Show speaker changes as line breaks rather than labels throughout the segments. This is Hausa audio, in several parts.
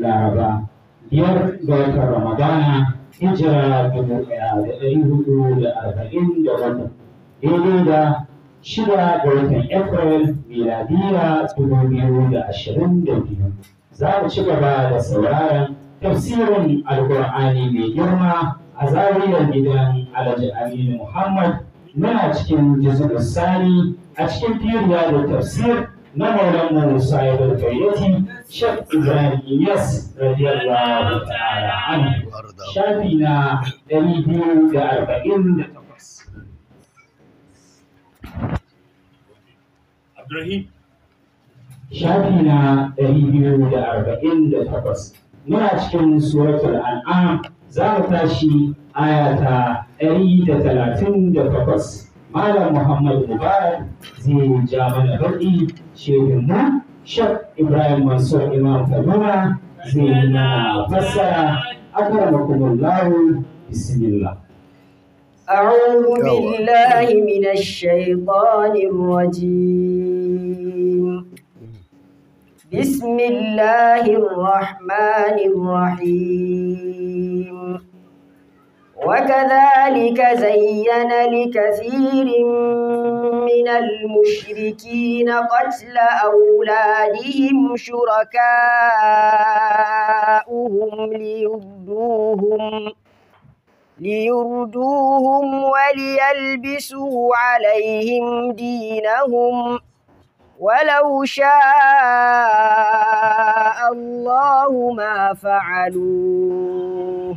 laraba biyar ga watan ramadana hijira dubu ɗaya
da ɗari hudu da arba'in da wata daidai da shida ga watan april miladiya dubu biyu da ashirin da biyu za mu ci gaba da sauraron tafsirin alkur'ani mai girma a zariyar gidan alhaji aminu muhammad muna cikin jizu sani a cikin firiya da tafsir na maulan sahibul karyati shek ibrahim yas radiyallahu ta'ala an shafi na ɗari biyu
da arba'in da takwas shafi na ɗari biyu da arba'in da takwas muna cikin suratul an'am za mu tashi aya ta ɗari da talatin da takwas مالا محمد مبارك زي جامل أبدي شيرنا شك إبراهيم منصور إمام فرمنا
زينا فسرا أكرمكم الله بسم الله أعوذ بالله من الشيطان الرجيم بسم الله الرحمن الرحيم وكذلك زين لكثير من المشركين قتل أولادهم شركاؤهم ليردوهم ليردوهم وليلبسوا عليهم دينهم ولو شاء الله ما فعلوه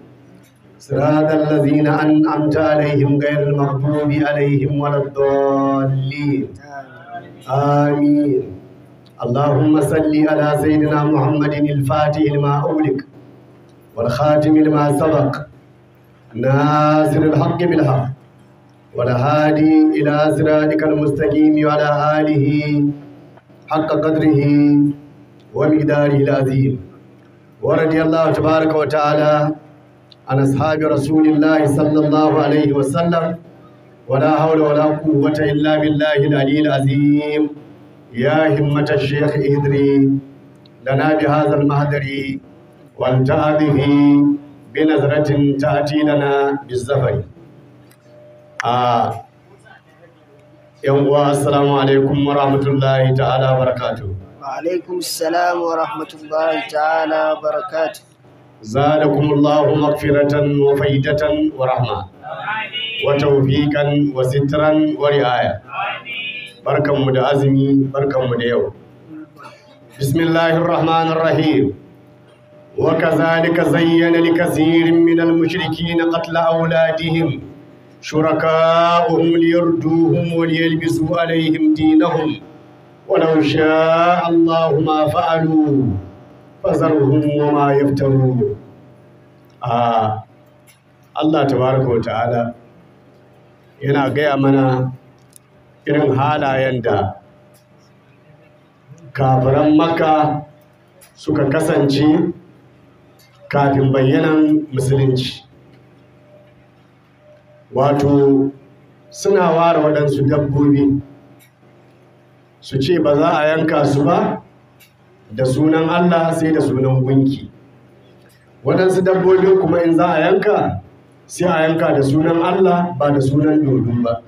صراط الذين أنعمت عليهم غير المغضوب عليهم ولا الضالين آمين اللهم صل على سيدنا محمد الفاتح لما أغلق والخاتم لما سبق ناصر الحق بالحق والهادي إلى صراطك المستقيم وعلى آله حق قدره ومقداره العظيم ورضي الله تبارك وتعالى عن أصحاب رسول الله صلى الله عليه وسلم ولا حول ولا قوة إلا بالله العلي العظيم يا همة الشيخ إدري لنا بهذا المهدر وانتهى به بنظرة تأتي لنا بالزفر آه. يوم السلام عليكم ورحمة الله تعالى وبركاته
وعليكم السلام ورحمة الله تعالى وبركاته
زادكم الله مغفرة وفيدة ورحمة وتوفيقا وسترا ورعاية بركة مدعزمي بركة مدعو بسم الله الرحمن الرحيم وكذلك زين لكثير من المشركين قتل أولادهم شركاؤهم ليردوهم وليلبسوا عليهم دينهم ولو شاء الله ما فعلوه fazarhum wa ma yaftaru a Allah tabaraka wa ta'ala yana gaya mana irin halayen da kafiran makka suka kasance kafin bayyanan musulunci wato suna ware waɗansu dabbobi su ce ba za a yanka su ba da sunan Allah sai da sunan gunki waɗansu dabbobi kuma in za a yanka sai a yanka da sunan Allah ba da sunan dodon ba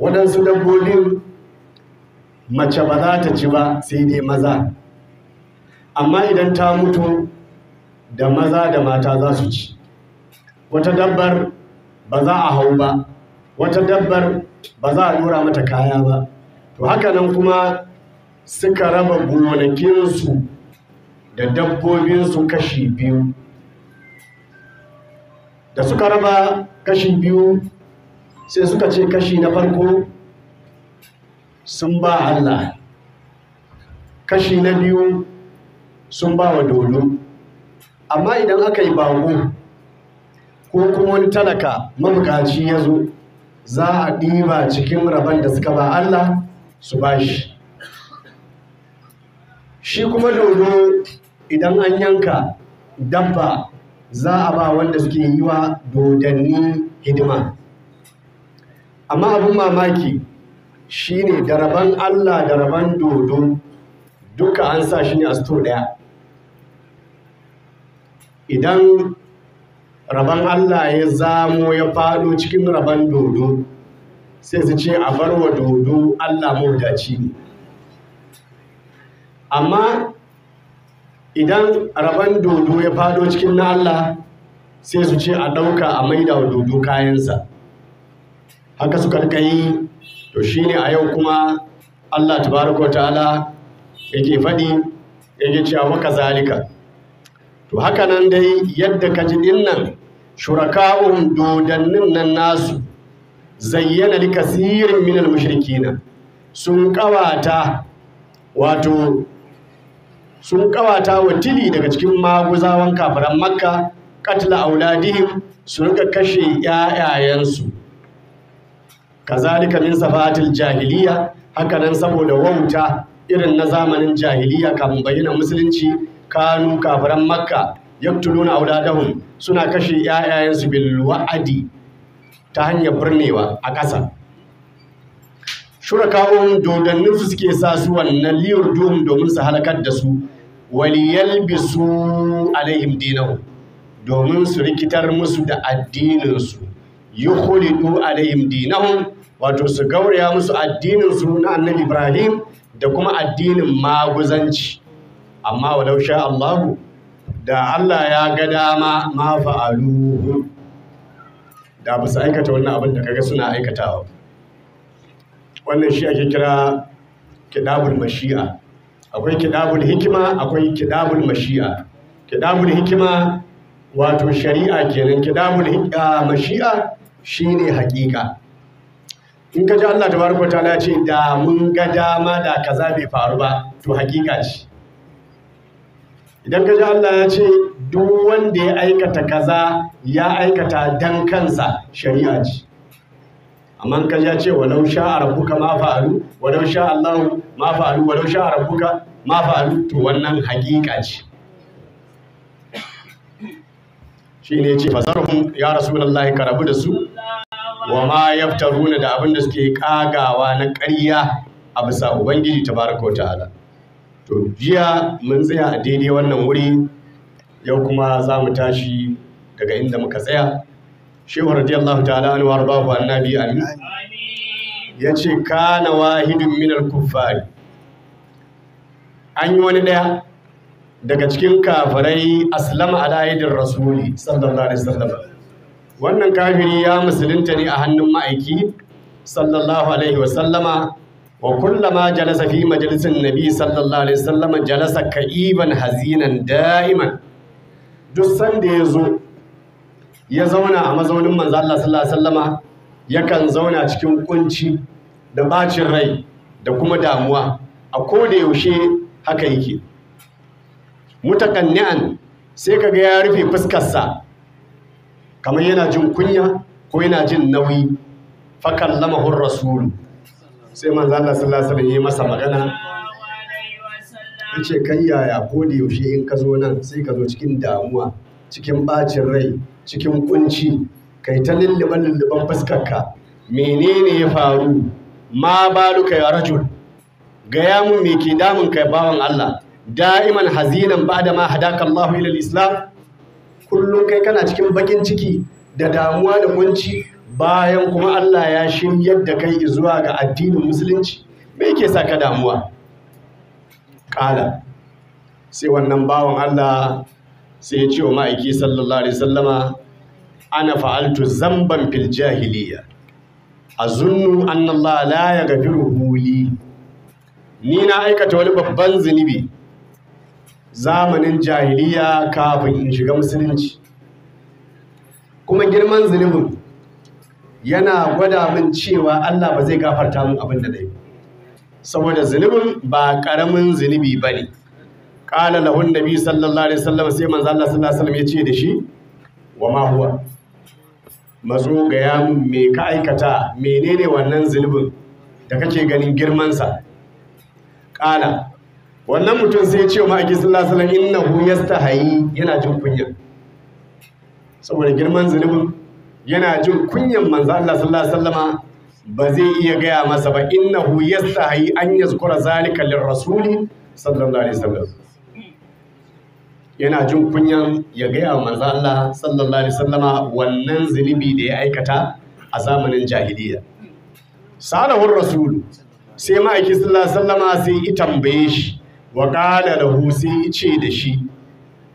waɗansu dabbobi mace ba za ta ci ba sai dai maza amma idan ta mutu da maza da mata za su ci wata dabbar ba za a hau ba wata dabbar ba za a dora mata kaya ba to haka nan kuma suka raba gonakinsu da dabbobinsu kashi biyu da suka raba kashi biyu sai suka ce kashi na farko sun ba Allah kashi na biyu sun ba wa dodo, amma idan aka yi bango ko kuma wani talaka mabukaci ya zo za a ɗiba cikin rabon da suka ba Allah su ba shi shi kuma dodo idan an yanka dabba za a ba wanda suke yi wa dodanni hidima amma abin mamaki shi shine daraban allah da daraban dodo duka an sa shi ne a sto daya idan rabon allah ya zamo ya faɗo cikin rabon dodo sai su ce a barwa dodo allah mawadaci ne amma idan rabon dodo ya fado cikin na Allah sai su ce a ɗauka a maida wa dodo kayansa haka su rika to shi ne a yau kuma Allah tabaraka ta'ala yake faɗi yake cewa maka zalika to haka nan dai yadda ka ji dinnan shuraka'un dodannin nan nasu zayyana likasirin kasirin minal mushrikina sun kawata wato sun kawata wa tili daga cikin maguzawan kafiran makka katla auladihim su rika kashe ƴaƴayensu kazalika min safatil jahiliya haka nan saboda wauta irin na zamanin jahiliya kafin bayyana musulunci kanu kafiran makka yaktuluna auladahum suna kashe ƴaƴayensu bil wa'adi ta hanyar birnewa a ƙasa shuraka'un dodannin su suke sa su wannan liyar duhun domin su halakar da su waliyal bisu alaihim dinahu domin su rikitar musu da addininsu yukhlidu alaihim dinahum wato su gauraya musu addininsu na annabi Ibrahim da kuma addinin maguzanci amma walau sha Allahu da Allah ya ga dama ma fa'alu da ba su aikata wannan abin da kaga suna aikatawa wannan shi ake kira kidabul mashi'a akwai kidabul hikima akwai kidabul mashi'a kidabul hikima wato shari'a kenan kidabul mashi'a shine hakika in ka ji Allah tabaraka ta'ala ya ce da mun ga dama da kaza bai faru ba to hakika ce idan ka ji Allah ya ce duk wanda ya aikata kaza ya aikata dan kansa shari'a ce amma kan ya ce walau sha rabuka ma fa'alu walau sha Allah ma fa'alu walau sha rabuka ma faru to wannan hakika ce shi ne ce fasarhum ya rasulullahi ka rabu da su wa ma yaftaruna da abin da suke kagawa na ƙarya a bisa ubangiji tabaraka wa ta'ala to jiya mun tsaya a daidai wannan wuri yau kuma za mu tashi daga inda muka tsaya shehu radiyallahu ta'ala an warda ku annabi amin yace kana wahidun min al-kuffari an yi wani daya daga cikin kafirai aslama ala yadin rasuli sallallahu alaihi wasallam wannan kafiri ya musulunta ne a hannun ma'aiki sallallahu alaihi wasallama wa kullama jalasa fi majalisin nabi sallallahu alaihi wasallama jalasa ka'iban hazinan da'iman duk sanda ya zo ya zauna a mazaunin manzo Allah sallallahu alaihi wasallama yakan zauna cikin kunci da bacin rai da kuma damuwa a koda yaushe haka yake mutakanni'an sai kaga ya rufe fuskar sa kamar yana jin kunya ko yana jin nauyi fa fakallamahu rasulu sai manzo Allah sallallahu alaihi wasallam ya masa magana yace kai yaya ko yaushe in ka zo nan sai ka zo cikin damuwa cikin bacin rai cikin kunci kai ta lulluban lulluban fuskarka menene ya faru ma baluka ya rajul gaya mun me ke damun kai bawan Allah da'iman hazinan ba'da ma hadaka Allah ila islam kullum kai kana cikin bakin ciki da damuwa da kunci bayan kuma Allah ya shiryar yadda kai zuwa ga addinin musulunci me yake sa ka damuwa kala sai wannan bawan Allah sai ya ce wa ma'aiki sallallahu alaihi sallama ana fa'altu zamban fil jahiliya azunnu annan Allah la gafi li ni na aikata wani babban zunubi zamanin jahiliya kafin in shiga musulunci kuma girman zunubin yana gwada min cewa Allah ba zai gafarta mun abin da na yi saboda zunubin ba ƙaramin zunubi ba ne qala da annabi sallallahu alaihi wasallam sai manzo Allah sallallahu alaihi wasallam ya ce da shi wa mahuwa. huwa mazo ga ya me ka aikata menene wannan zulubin da kake ganin girman sa wannan mutum sai ya ce wa ma'aiki sallallahu alaihi wasallam innahu yastahi yana jin kunya saboda girman zulubin yana jin kunyan manzo Allah sallallahu alaihi ba zai iya gaya masa ba innahu yastahi an yazkura zalika lirrasuli sallallahu alaihi wasallam yana jin kunyan ya gaya wa manzo Allah sallallahu alaihi wasallama wannan zunubi da ya aikata a zamanin jahiliya salahur rasulu sai ma'aiki sallallahu alaihi wasallama sai ya tambaye shi wa qala lahu sai ce da shi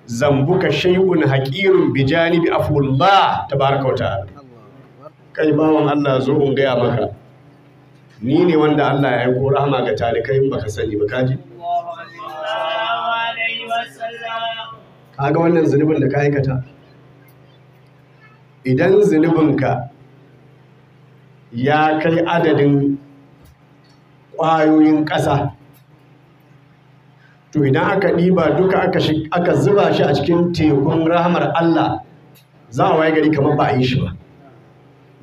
zambuka shay'un haqirun bi janibi afullah tabaraka wa ta'ala kai bawon Allah zo in gaya maka ni ne wanda Allah ya aiko rahama ga talikai baka sani ba kaji kaga wannan zunubin da ka aikata idan zunubinka ya kai adadin ƙwayoyin ƙasa to idan aka ɗiba duka aka zuba shi a cikin tekun rahamar Allah za a waye gari kamar ba a yi shi ba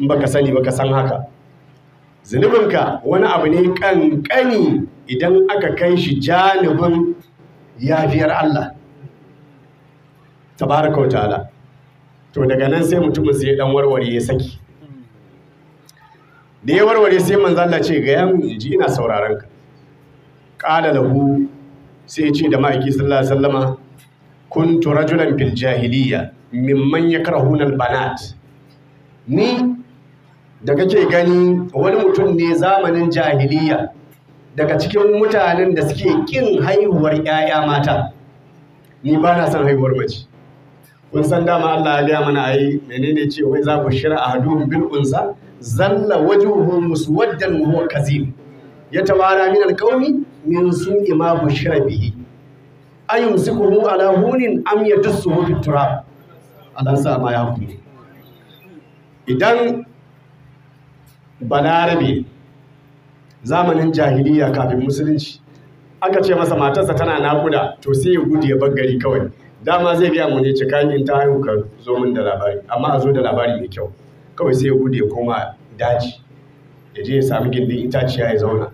in ba ka sani ba ka san haka zunubinka wani abu ne ƙanƙani idan aka kai shi janibin yafiyar Allah tabaraka wa ta'ala to daga nan sai mutumin zai dan warware ya saki da ya warware sai manzo Allah ce ga yan ji ina sauraron ka qala lahu sai ce da ma'aiki sallallahu alaihi wasallama kuntu rajulan fil jahiliya mimman yakrahuna al banat ni da kake gani wani mutum ne zamanin jahiliya daga cikin mutanen da suke kin haihuwar 'ya'ya mata ni ba na son haihuwar mace kun san dama Allah ya gaya mana ayi menene ce wai za ku shira hadu bil unsa zalla wajhuhu muswaddan wa huwa kazim tawara min alqawmi min su'i ma bushra bihi ayumsikuhu ala hunin am yatussuhu bit turab Allah sa ma ya ku idan balarabe zamanin jahiliya kafin musulunci aka ce masa matarsa tana nakuda, to sai ya gudu ya bar gari kawai dama zai gaya mu ne yin ta haihu ka zo min da labari amma a zo da labari mai kyau kawai sai ya gude ya koma daji ya je ya sami gindin itaciya ya zauna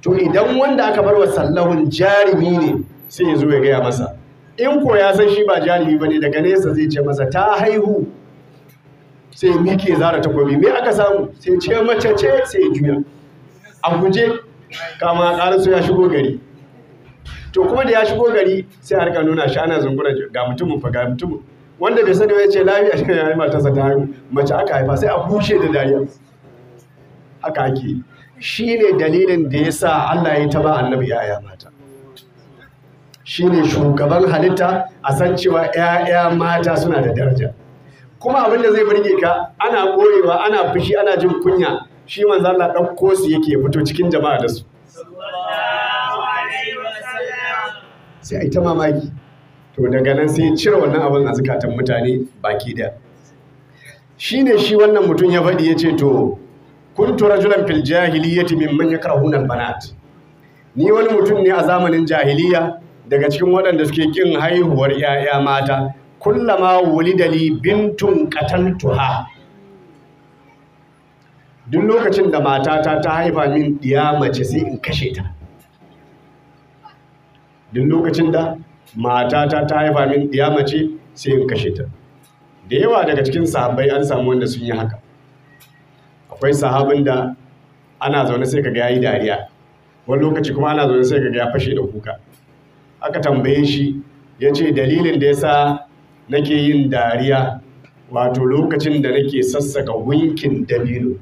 to idan wanda aka bar wa sallahun jarumi ne sai ya zo ya gaya masa in ko ya san shi ba jarumi ba ne daga nesa zai ce masa ta haihu sai mike zara takobi me aka samu sai ce mace ce sai juya a guje kama ƙarasu ya shigo gari to kuma da ya shigo gari sai harka nuna shi ana zungura ga mutumin fa ga mutumin wanda bai sani ya ce lafiya a cikin yi matarsa ta haihu mace aka haifa sai a bushe da dariya haka ake shi ne dalilin da ya sa Allah ya taba annabi yaya mata shi ne shugaban halitta a san cewa ‘ya'ya mata suna da daraja kuma abin da zai burge ka ana ɓoyewa ana fushi ana jin kunya shi manzo Allah ɗauko su yake fito cikin jama'a da su sai a yi ta mamaki to daga nan sai cire wannan abin a zukatan mutane baki da shi ne shi wannan mutum ya faɗi ya ce to kun tura rajulan fil jahiliyyati mimman yakrahuna al banat ni wani mutum ne a zamanin jahiliya daga cikin waɗanda suke kin haihuwar 'ya'ya mata kullama wulidali bintun tuha duk lokacin da matata ta haifa min ɗiya mace sai in kashe ta duk lokacin da matata ta haifa min ɗiya mace sai in kashe ta da yawa daga cikin sahabbai an samu wanda sun yi haka akwai sahabin da ana zaune sai kaga yayi dariya wani lokaci kuma ana zaune sai kaga ya fashe da kuka aka tambaye shi ya ce dalilin da ya yasa nake yin dariya wato lokacin da nake sassaka winkin dabino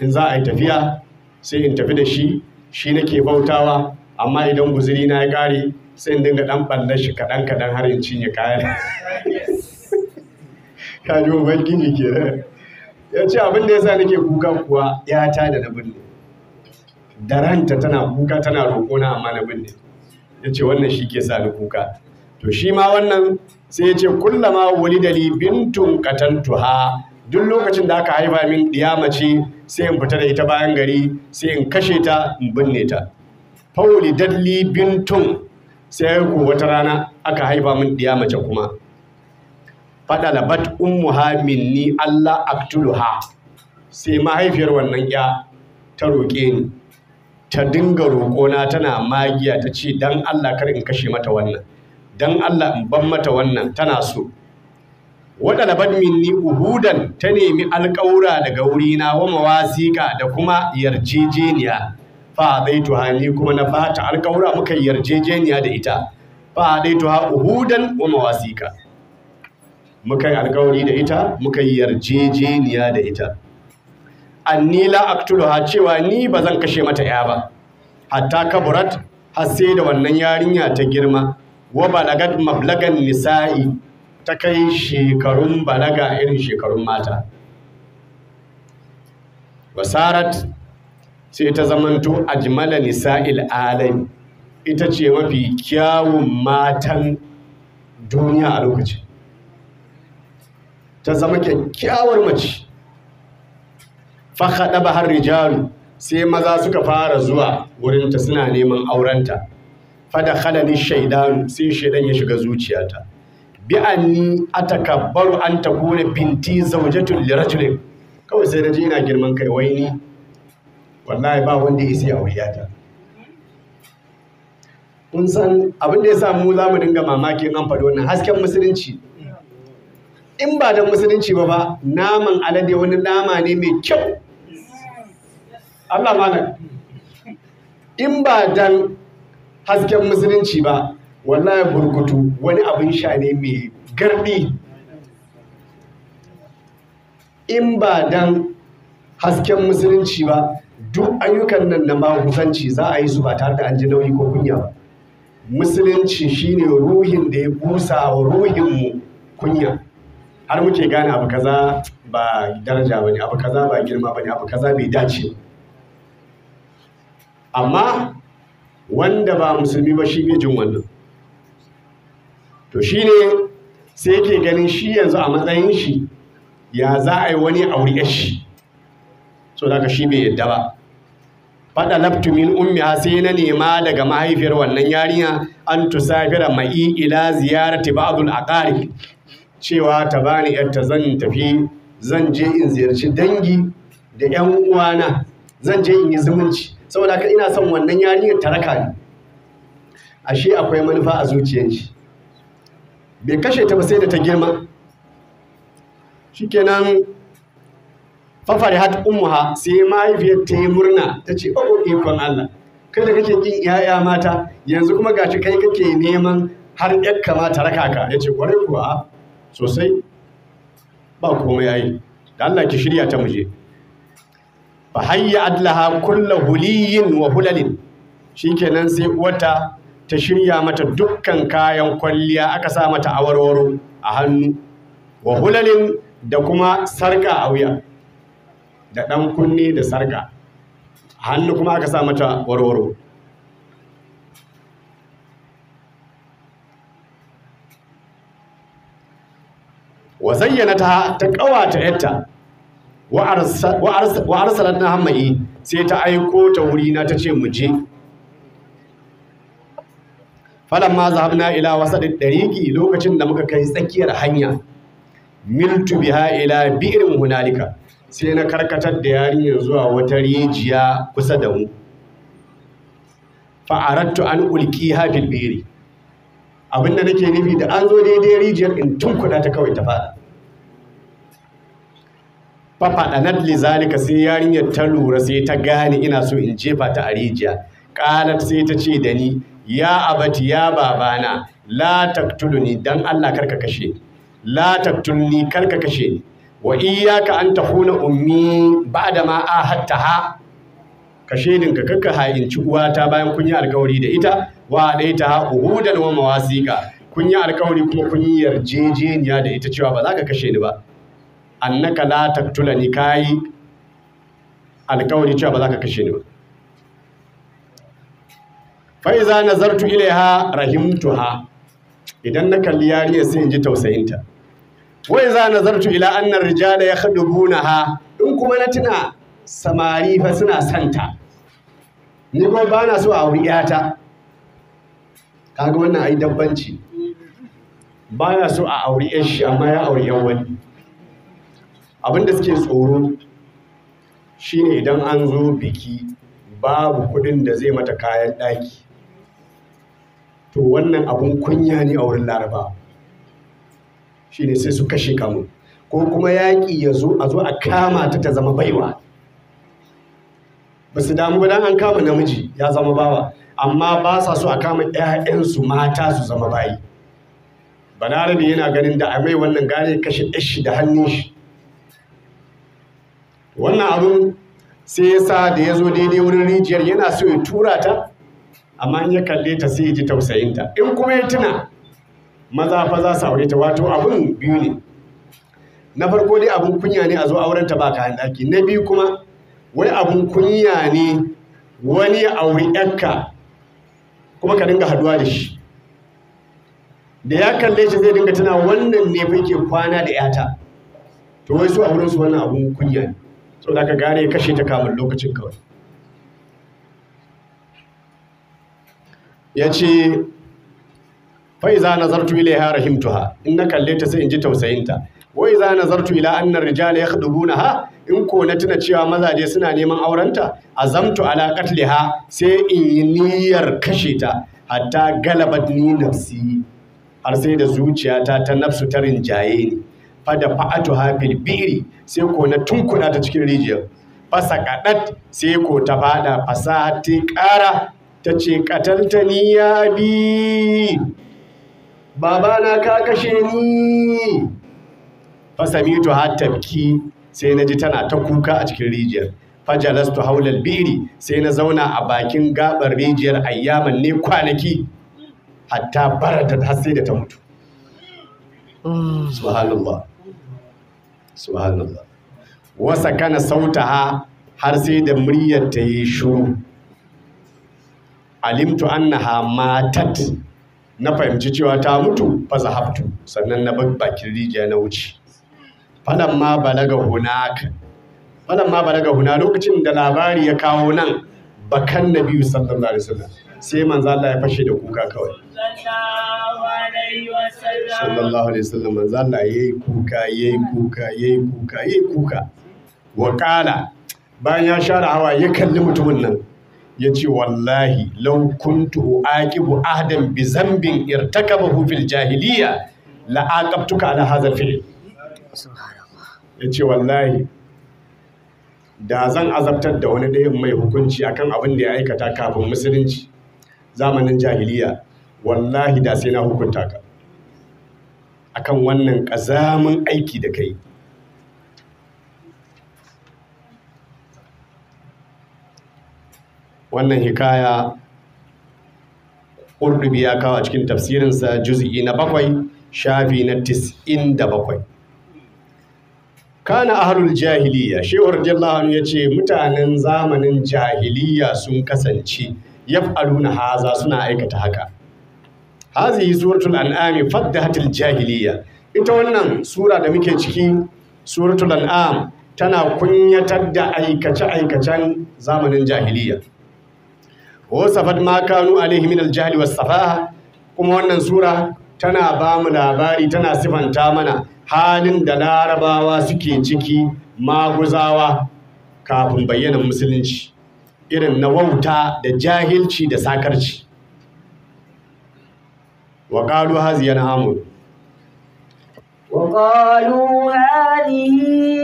in za a yi tafiya sai in tafi da shi shi nake bautawa amma idan guzuri na ya ƙare sai in dinga ɗan ɓallar shi kaɗan kaɗan har in cinye kayan ka ji da ya ce abin da ya sa nake kuka kuwa ya ta da na binne da ranta tana kuka tana roƙona amma na binne ya ce wannan shi ke sa ni kuka to shi ma wannan sai ya ce kullama wani dali bintun duk lokacin da aka haifa min ɗiya sai in fita da ita bayan gari sai in kashe ta in binne ta fauli dalli bintun sai ku wata rana aka haifa min diya mace kuma bat labat ummuha minni Allah aktuluha sai mahaifiyar wannan ya ta roƙe ni ta dinga roƙona tana magiya ta ce dan Allah kar in kashe mata wannan dan Allah in ban mata wannan tana so wada labat minni uhudan ta nemi alƙawura daga wurina wa Wasiƙa, da kuma yarjejeniya fa a tuha ni kuma na fata alƙawura muka yarjejeniya da ita fa a tuha uhudan wa mawasika muka yi alkawari da ita muka yi yarjejeniya da ita anni la ha cewa ni ba zan kashe mata ya ba hatta kaburat har sai da wannan yarinya ta girma wa balagat mablagan nisa'i ta kai shekarun balaga irin shekarun mata wasarat sai ta zamanto ajmala nisa'il alami ita ce mafi kyawun matan duniya a lokaci. ta zama kyakkyawar mace fahaɗa har rijalu sai maza suka fara zuwa wurinta suna neman aurenta fada halalin shaidanu sai shaidan ya shiga zuciyata bi an ni a takabbaru an takuna binti zaujatun lirajulin kawai sai na ji girman kai wai ni wallahi ba wanda ya sai auriyata kun san abin da ya sa mu za mu dinga mamakin an faɗi wannan hasken musulunci in ba da musulunci ba ba naman alade wani nama ne mai kyau Allah nan in ba dan hasken musulunci ba wallahi burkutu wani abin sha ne mai garbi in ba dan hasken musulunci ba duk ayyukan nan na mahusanci za a yi su ba tare da an ji nauyi ko kunya ba musulunci shine ruhin da ya busa wa ruhinmu kunya har muke gane abu kaza ba daraja bane abu kaza ba girma bane abu kaza bai dace amma wanda ba musulmi ba shi bai jin wannan to shine sai ke ganin shi yanzu a matsayin shi ya za a yi wani aure shi so da ka shi bai yadda ba Faɗa labtu min sai na nema daga mahaifiyar wannan yarinya an tusafira ma'i ila ziyarati ba'dul aqarib cewa ta bani yarta zan tafi zan je in ziyarci dangi da yan uwana zan je in yi zumunci saboda ka ina son wannan yarinyar ta raka ni ashe akwai manufa a zuciyar shi bai kashe ta ba sai da ta girma shikenan hat ummuha sai mahaifiyar ta yi murna ta ce oh ikon Allah kada ka kake ƙin yaya mata yanzu kuma gashi kai kake neman har yak kamata raka ka Ya ce kwarai kuwa sosai ba komai yi, da Allah ki shirya ta muje fa hayya adlaha kullu huliyin wa hulalin shikenan sai uwarta ta shirya mata dukkan kayan kwalliya aka sa mata awarwaro a hannu wa hulalin da kuma sarka a wuya da ɗan kunne da sarga hannu kuma aka sa mata warwaro wa zayyana ta ta ƙawata yadda wa arsalat na hamayi sai ta aiko ta wuri na ta ce mu je falamma zahabna ila da dariki lokacin da muka kai tsakiyar hanya miltu biha ila bi'rin hunalika sai na karkatar da yarinyar zuwa wata rijiya kusa da mu fa'arattu an ulki hafil beri abinda nake nufi da an zo daidai rijiyar in tunkuda ta kawai ta fada fafaɗanar lizalika sai yarinyar ta lura sai ta gane ina so in jefa ta a rijiya ƙanar sai ta ce da ni ya abati ya babana la taktuluni don Allah karka kashe ni la taktulni karka kashe wa iyyaka an tahuna ummi ba da ma a hatta ahattaha ka shedin ka kakka ha'inci uwata bayan kun yi alkawari da ita wa daita uhudan wa mawasika kun yi alkawari kuma kun yi yarjejeniya da ita cewa ba za ka kashe ni ba annaka la taqtula ni kai alkawari cewa ba za ka kashe ni ba fa iza nazartu ilaiha rahimtuha idan na kalli yariya sai in ji tausayinta wai iza nazartu ila annar rijala ha in kuma na tuna samari fa suna santa ni kuma ba na so a auri iyata kaga wannan ai dabbanci ba na so a auri yan shi amma ya auri yan wani abinda suke tsoro shine idan an zo biki babu kudin da zai mata kayan ɗaki to wannan abun kunya ne a wurin larabawa shine sai su kashe kamu ko kuma yaƙi ya zo a zo a kama ta ta zama baiwa ba su damu ba dan an kama namiji ya zama bawa amma ba sa so a kama 'ya'yansu mata su zama bayi balarabe yana ganin da a mai wannan gane kashe ɗashi da hannun shi wannan abin sai ya sa da ya zo daidai wurin rijiyar yana so ya tura ta amma in ya kalle ta sai ya ji tausayinta in kuma ya tuna maza fa za su aure ta wato abin biyu ne na farko dai abun kunya ne a zo auren ta ba kayan ɗaki na biyu kuma wai abun kunya ne wani ya auri yanka kuma ka dinga haduwa da shi da ya kalle shi zai dinga tana wannan ne fa yake kwana da yata to wai su a su wannan abun kunya ne so da ka gane kashe ta kamun lokacin kawai ya ce zartu iza nazartu ilaiha rahimtuha in na kalle ta sai in ji tausayinta wa iza nazartu ila anna rijala Ha? in ko na tuna cewa mazaje suna neman aurenta azamtu ala liha sai in yi niyyar kashe ta hatta galabat ni nafsi har sai da zuciyata ta nafsu ta rinjaye ni fa da fa'atu ha biri sai ko na tunkuna ta cikin rijiyar fasa kadat sai ko ta fada fasa ta kara ta ce kataltani ya bi babana ka kashe ni fasamitu hatabki sai na ji tana ta kuka a cikin rijiyar fajalastu haulal biri sai na zauna a bakin gabar rijiyar ayyaman ne kwanaki hatta barata har sai da ta mutu subhanallah subhanallah wasa kana sautaha har sai da muryar ta yi shuru alimtu annaha matat na fahimci cewa ta mutu fa zahabtu sannan na bar bakin rijiya na wuce falan ma balaga hunak falan ma balaga huna lokacin da labari ya kawo nan bakan nabi sallallahu alaihi wasallam sai manzo Allah ya fashe da kuka kawai sallallahu alaihi wasallam manzo Allah yayi kuka yayi kuka yayi kuka yayi kuka wa kala bayan ya share hawa ya kalli mutumin nan ya ce wallahi laukuntu kuntu aqibu ahdan bi zambin ba hufil jahiliya la'aƙabtuka na haza hadha ya ce wallahi da zan azabtar da wani ɗayan mai hukunci akan abin da ya aikata kafin musulunci zamanin jahiliya wallahi da sai na hukunta ka akan wannan ƙazamin aiki da kai wannan hikaya ƙurɗubi ya kawo a cikin tafsirinsa juz'i na bakwai shafi na tis'in da bakwai kana ahalul jahiliya shehu radiyallahu anhu yace mutanen zamanin jahiliya sun kasance yaf'aluna haza suna aikata haka hazihi suratul an'ami faddahatil jahiliya ita wannan sura da muke ciki suratul an'am tana kunyatar da aikace-aikacen zamanin jahiliya wasafat ma kanu alaihi min aljahli was safaha kuma wannan sura tana bamu labari tana sifanta mana halin da larabawa suke ciki maguzawa kafin bayyana musulunci irin na wauta da jahilci da sakarci wa qalu hazihi na'amun
wa qalu hadhihi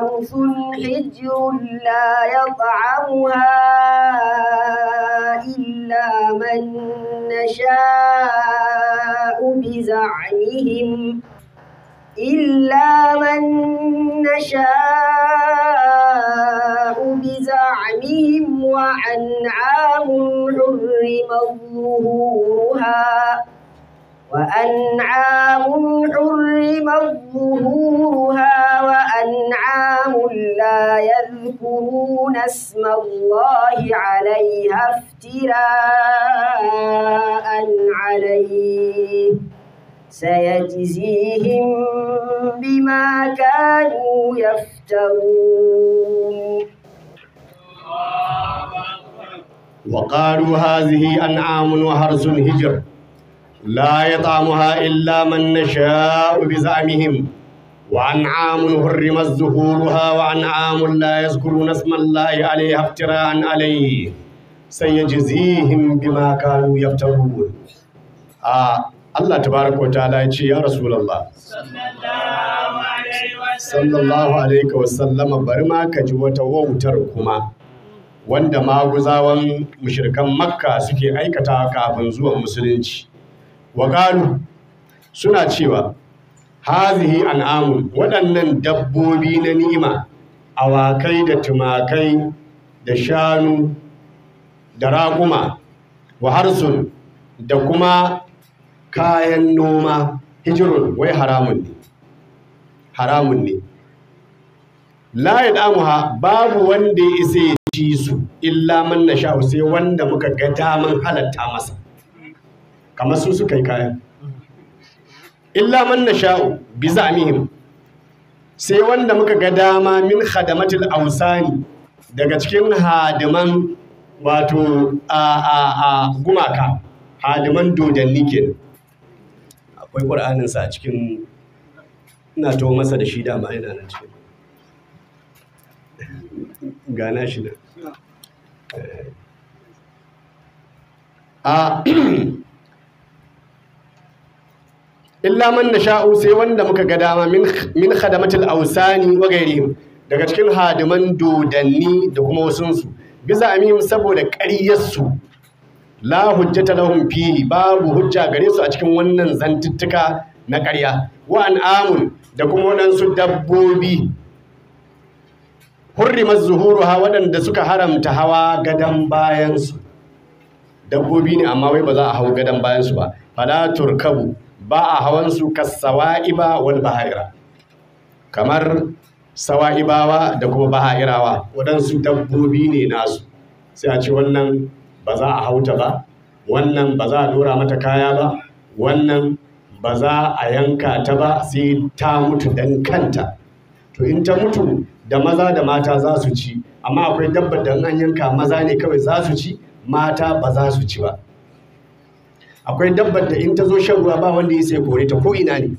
أنفس حجر لا يطعمها إلا من نشاء بزعمهم إلا من نشاء بزعمهم وأنعام حرم ظهورها وأنعام حرمت ظهورها وأنعام لا يذكرون اسم الله عليها افتراء عليه سيجزيهم بما كانوا يفترون
وقالوا هذه أنعام وحرز هجر لا يطعمها إلا من نشاء بزعمهم وأنعام حرمت ظهورها وأنعام لا يذكرون اسم الله عليها افتراء عليه سيجزيهم بما كانوا يفترون آه Allah tabaraka wa ta'ala ya ce ya Rasulullah sallallahu alaihi wa sallama bari ma ka ji wata wautar kuma wanda maguzawan mushrikan makka suke aikata kafin zuwa musulunci Waƙalu suna cewa hazihi al'amun waɗannan dabbobi na ni'ima awakai da tumakai da shanu da raƙuma wa harsun da kuma kayan noma hijirun wai haramun ne haramun ne babu wanda ya isa ya ci su illa manna shausai sai wanda muka ga daman halatta masa kamar su suka yi kayan illa man nasha'u bi zamihim sai wanda muka ga dama min khadamatil ausani daga cikin hadiman wato a a a gumaka hadiman dodanni ke akwai ƙur'aninsa a cikin ina to masa da shi dama yana na cikin gana shi illa man nasha'u sai wanda muka ga dama min min khadamatil awsani wa ghairihim daga cikin hadiman dodanni da kuma wasunsu biza amim saboda ƙaryarsu la hujjata lahum fihi babu hujja gare su a cikin wannan zantuttuka na ƙarya wa an'amun da kuma wadansu dabbobi hurrimar zuhuruha waɗanda suka haramta hawa gadon bayansu dabbobi ne amma wai ba za a hau gadan bayansu ba fala turkabu ba a hawan su kasawa'iba wani baha'ira kamar sawa'ibawa da kuma baha'irawa waɗansu dabbobi ne nasu sai a ce wannan ba za a hauta ba wannan ba za a dora mata kaya ba wannan ba za a yanka ta ba sai ta mutu dan kanta to in ta mutu da maza da mata za su ci amma akwai dabbar da an yanka maza ne kawai za su ci mata ba za su ci ba akwai dabbar da in ta zo shan ruwa ba wanda ya sai kore ta ko ina ne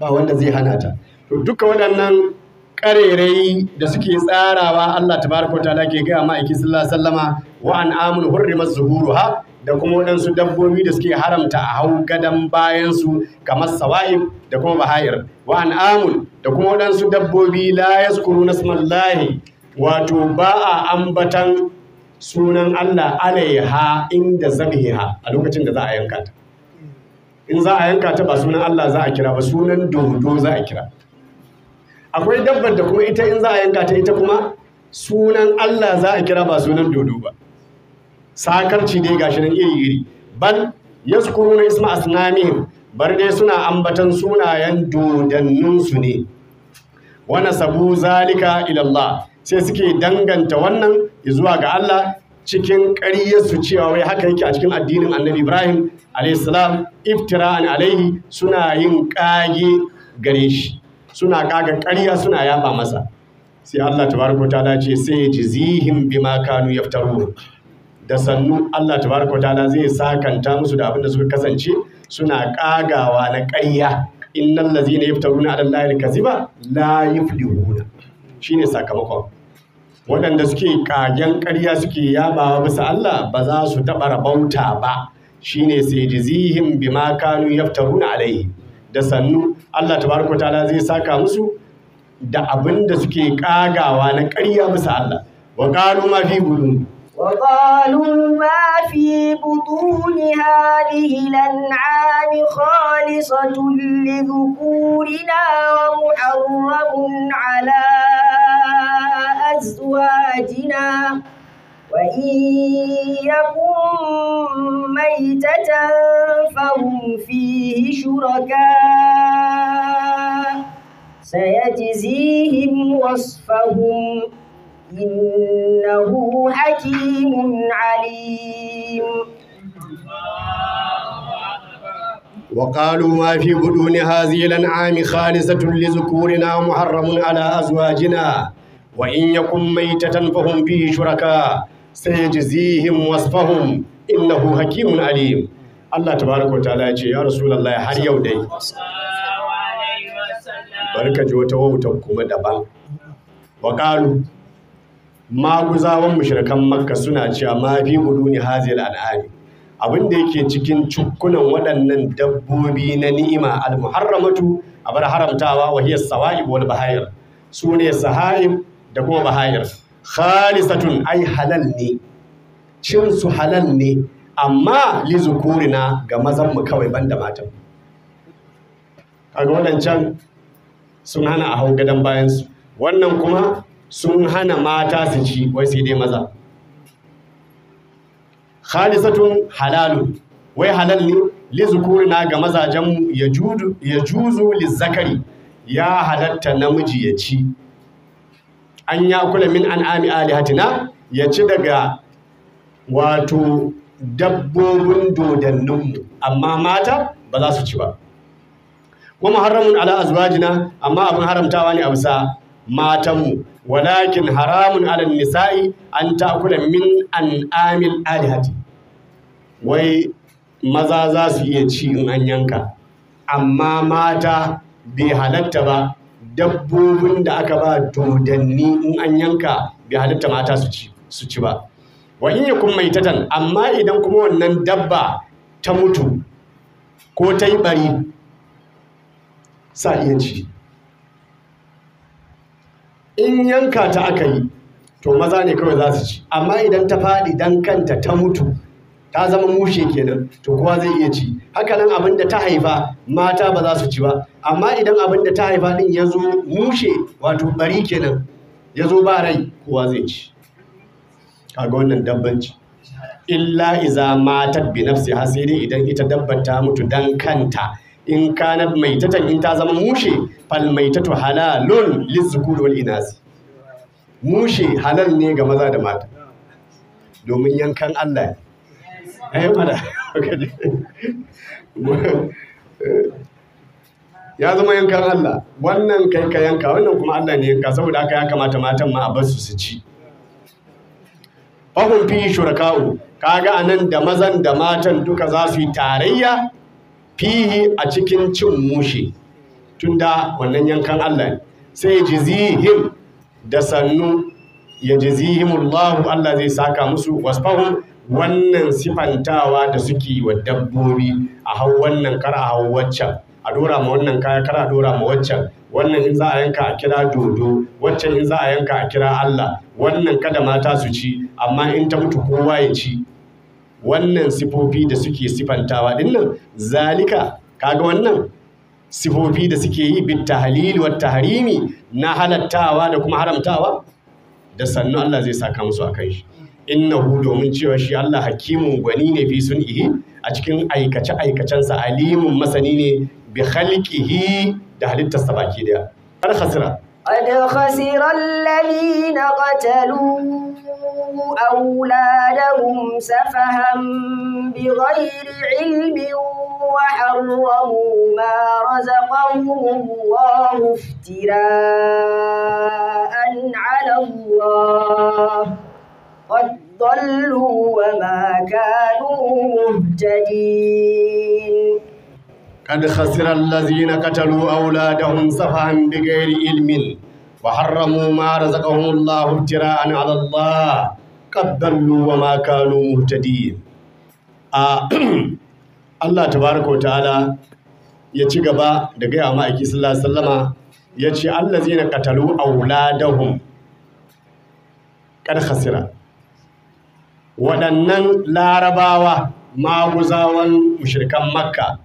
ba wanda zai hana ta to duka waɗannan ƙarerai da suke tsarawa Allah tabaraka wata ke gaya ma'aikin sallallahu sallama wa an amun hurrimat ha da kuma waɗansu dabbobi da suke haramta a hau gadon bayansu kamar sawa'ib da kuma bahayar wa an amun da kuma waɗansu dabbobi la na nasmallahi wato ba a ambatan sunan Allah alaiha inda zabiha a lokacin da za a yanka ta in za a yanka ta ba sunan Allah za a kira ba sunan dodo za a kira akwai dabbar da kuma ita in za a yanka ta ita kuma sunan Allah za a kira ba sunan dodo ba sakarci ne gashi nan iri iri bal na isma asnamihim bar dai suna ambatan sunayen dodanninsu ne wani sabu zalika ilallah sai suke danganta wannan zuwa ga Allah cikin ƙaryarsu cewa wai haka yake a cikin addinin annabi ibrahim alaihissalam iftira'an alaihi suna yin ƙage gare shi suna ƙaga ƙarya suna yaɓa masa sai allah tabaraka ta'ala ce sai ya jizihim bima kanu yaftaru da sannu allah tabaraka ta'ala zai sakanta musu da abin da suka kasance suna ƙagawa na ƙarya innal ladzina yaftaruna ala allahi kaziba? la yuflihuna shine sakamakon waɗanda suke kagen ƙarya suke yaba bisa Allah ba za su taɓa rabauta ba shine sai jizihim ma kanu yaftaruna alaihi da sannu Allah tabaraka ta'ala zai saka musu da abin da suke ƙagawa na ƙarya bisa Allah wa qalu ma fi budun
wa qalu ma fi budun hadhihi lan'am khalisatun li dhukurina wa muharramun ala أزواجنا وإن يكن ميتة فهم فيه شركاء سيجزيهم وصفهم إنه حكيم عليم
وقالوا ما في بدون هذه الأنعام خالصة لذكورنا محرم على أزواجنا وإن يكن ميتة فهم فيه شركاء سيجزيهم وصفهم إنه حكيم عليم الله تبارك وتعالى يا رسول الله har yau dai barka ji wata wauta kuma daban waƙalu maguzawan mushrikan makka suna cewa ma fi buduni hazil al'ami abin da yake cikin cukkunan waɗannan dabbobi na ni'ima al-muharramatu bar haramtawa wa hiya sawa'ib wal bahayir su ne saha'ib da kuma bahayir khalisatun ai halal ne cin su halal ne amma li zukurina ga mazan mu kawai banda matan kaga wadancan sun hana a hau gadon bayansu wannan kuma sun hana mata su ci wai sai dai maza khalisatun halalu wai halal ne li zukurina ga mazajen ya juzu li zakari ya halatta namiji ya ci an ya kula min an ami alihatina ya ci daga wato dabbobin dodanninmu amma mata ba za su ci ba kuma haramun ala azwajina amma abin haramtawa ne a bisa matanmu walakin haramun alal nisa'i an takula min an'amil alihati wai maza za su iya ci in an yanka amma mata bai halatta ba dabbobin da aka ba dodanni in an yanka bai halatta mata su ci ba wa in yakun maitatan amma idan kuma wannan dabba ta mutu ko ta yi bari sa iya ci in yanka ta aka yi to maza ne kawai za su ci amma idan ta faɗi dan kanta ta mutu ta zama mushe kenan to kowa zai iya ci haka nan abin da ta haifa mata ba za su ci ba amma idan abin da ta haifa din ya zo mushe wato bari kenan ya zo ba rai kowa zai ci kaga wannan dabbanci illa iza matar binafsi hasiri dai idan ita dabbar ta mutu dan kanta in kanat maitatan in ta zama mushe fal maitatu halalun lizzukuri wal inasi mushe halal ne ga maza da mata domin yankan Allah ne eh, ya zama yankan Allah wannan kai ka yanka wannan kuma Allah ne yanka saboda haka ya kamata matan ma a bar su su ci fahim fi shuraka'u kaga anan da mazan da matan duka za su yi tarayya fihi a cikin cin mushi da wannan yankan Allah ne sai jizihim da sannu ya jizihimullahu Allah zai saka musu wasfahum wannan sifantawa da suke wa dabbobi a hau wannan kar a hau waccan a dora ma wannan kaya kar a dora ma waccan wannan in za a yanka a kira dodo waccan in za a yanka a kira Allah wannan kada mata su ci amma in ta mutu kowa ya ci wannan sifofi da suke sifantawa dinnan zalika kaga wannan sifofi da suke yi bit tahlil wa tahrimi na halattawa da kuma haramtawa da sannu Allah zai saka musu kai shi hu domin cewa shi Allah hakimun gwani ne fi sun ihi a cikin aikace aikacensa alimun masani ne bi khalqihi da halittarsa baki daya har khasira
قد خسر na qatalu أولادهم سفها بغير علم وحرموا ما رزقهم الله افتراء على الله قد ضلوا وما كانوا مهتدين
قد خسر الذين قتلوا أولادهم سفها بغير علم وحرموا ما رزقهم الله افتراء على الله qad wa ma kanu muhtadin a Allah tabaraka wa ta'ala ya ci gaba da gaya wa ma'aiki sallallahu alaihi wasallama ya ce allazina qatalu auladahum kad khasira waɗannan larabawa maguzawan mushrikan makka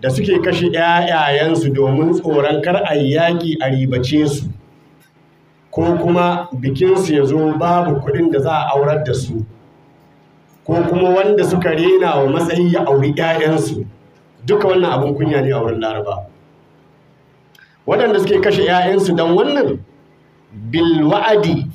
da suke kashe ‘ya'yayensu domin tsoron kar a yi yaƙi a ribace su ko kuma bikinsu ya zo babu kuɗin da za a aurar da su ko kuma wanda suka rena wa matsayi ya auri 'ya'yansu duka wannan abin kunya ne a wurin laraba waɗanda suke kashe 'ya'yansu don wannan bilwa'adi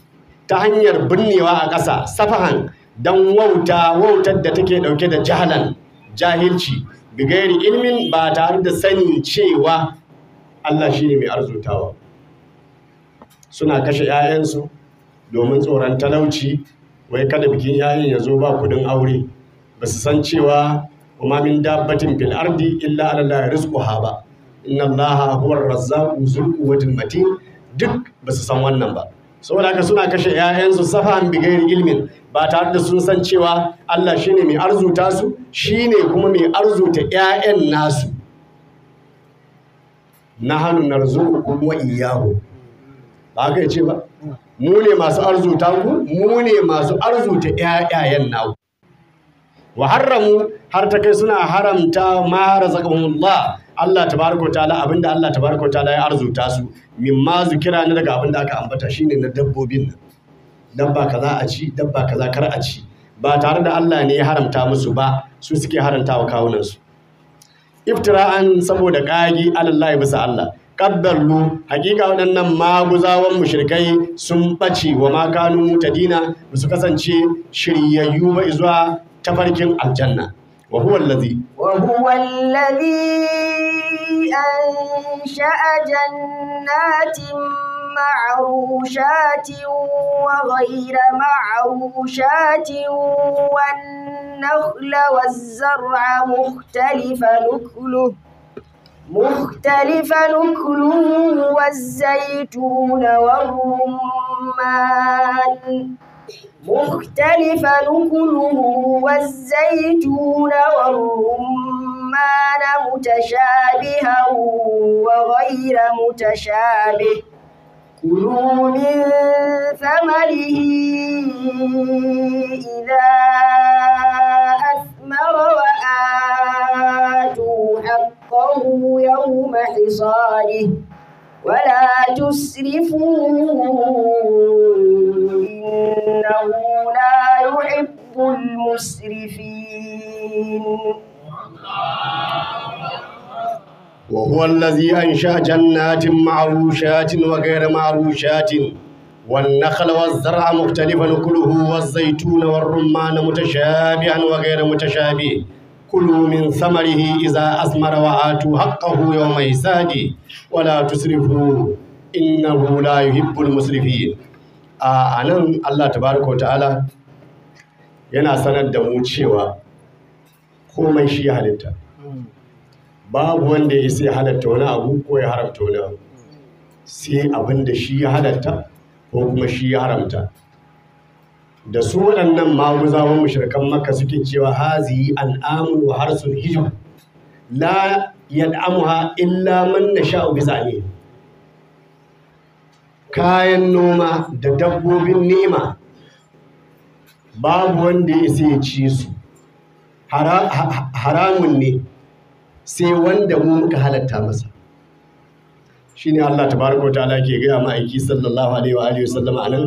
ta hanyar binnewa a ƙasa safahan don wauta wautar da take ɗauke da jahalan jahilci bigairi ilmin ba tare da sanin cewa Allah shi ne mai arzutawa suna kashe 'ya'yansu domin tsoron talauci wai kada bikin 'ya'yan ya zo ba kudin aure ba su san cewa kuma min dabbatin fil ardi illa ya la ha ba inna allaha huwa ar-razzaqu zul quwwatil duk ba su san wannan ba saboda haka suna kashe 'ya'yansu safan bigayar ilmin ba tare da sun san cewa Allah shine mai arzuta su shine kuma mai arzuta 'ya'yan nasu Na hannun narzuqukum kuma iyahu ba ka ce ba mu ne masu arzuta ku mu ne masu arzuta ƴaƴayen nawo wa haramu har ta kai suna haramta ma razaqahumullah Allah tabaraka ta'ala abinda Allah tabaraka ta'ala ya arzuta su ma zikira ne daga abinda aka ambata shine na dabbobin nan dabba kaza a ci dabba kaza kar a ci ba tare da Allah ne ya haramta musu ba su suke haramta wa kawunan su iftira'an saboda kagi alallahi bisa Allah qaddallu hakika waɗannan maguzawan mushrikai sun bace wa ma kanu mutadina su kasance shiryayyu ba zuwa tafarkin aljanna wa huwa allazi
wa huwa allazi ansha'a jannatin معروشات وغير معروشات والنخل والزرع مختلف نكله مختلف أكله والزيتون والرمان مختلف أكله والزيتون والرمان متشابها وغير متشابه كلوا من ثمره إذا أثمر وآتوا حقه يوم حصاده ولا تسرفوا إنه لا يحب المسرفين
وهو الذي أنشأ جنات معروشات وغير معروشات والنخل والزرع مختلفا كله والزيتون والرمان متشابها وغير متشابه min samarihi iza asmara wa atu haqqahu yawma حساده wala tusrifu innahu la yuhibbul musrifin a nan Allah tabaraka wa ta'ala yana sanar da mu cewa komai shi halitta babu wanda ya sai halatta wani abu ko ya haramta wani abu sai abin da shi ya halatta ko kuma shi ya haramta da su waɗannan maguzawan mushrikan makka suke cewa hazihi al'amun wa harsun hijo la yal'amuha illa man Sha, bi zane kayan noma da dabbobin nema babu wanda ya sai ci su haramun ne sai wanda mu muka halatta masa shine Allah tabaraka wa ta'ala ke gaya ma'aiki sallallahu alaihi wa alihi wa sallama anan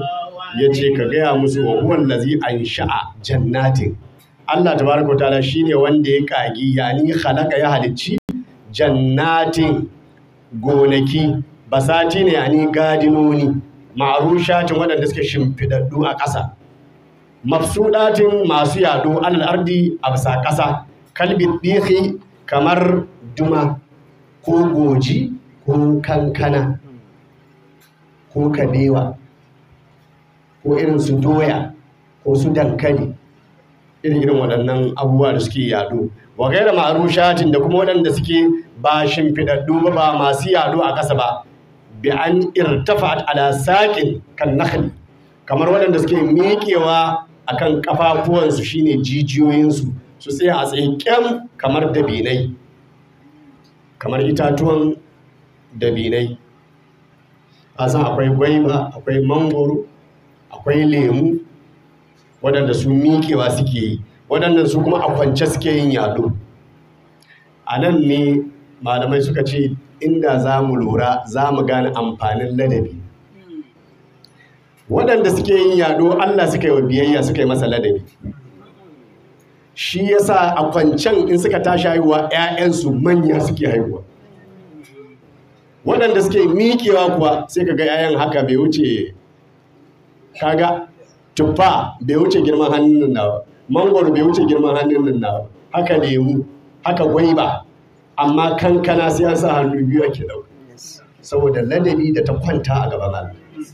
ya ce ka gaya musu wa huwan lazi an sha'a jannatin Allah ta tabaraka ta'ala ne wanda ya kagi yani halaka ya halicci jannatin gonaki basati ne yani gadinoni ma'arushatin waɗanda suke shimfidaddu a ƙasa mafsudatin masu yaɗo alal ardi a bisa ƙasa kalbin ɗihi kamar duma ko goji ko kankana ko kabewa ko irin su doya ko su dankali irin irin waɗannan abubuwa da suke yado wa gaira shatin da kuma waɗanda suke ba shimfiɗaɗɗu ba ba masu yado a ƙasa ba bi an irtafa ala saƙin kan nakhli kamar waɗanda suke miƙewa akan ƙafafuwansu shine jijiyoyinsu su tsaya a tsaye kyam kamar dabinai kamar itatuwan dabinai a san akwai gwaiba akwai mangoro akwai lemu waɗanda su miƙewa suke yi waɗanda su kuma a kwance suke yin yaɗo a nan ne malamai suka ce inda za mu lura za mu gane amfanin ladabi waɗanda suke yin yaɗo allah suka yi wa biyayya suka yi masa ladabi shi ya sa a kwancen in suka tashi haihuwa 'ya'yansu manya suke haihuwa waɗanda suke miƙewa kuwa sai ka ga 'ya'yan haka bai wuce kaga tuffa bai wuce girman hannun nan ba mangoro bai wuce girman hannun nan ba haka lemu haka gwaiba amma kankana sai an sa hannu biyu ake dau saboda ladabi da ta kwanta a gaban Allah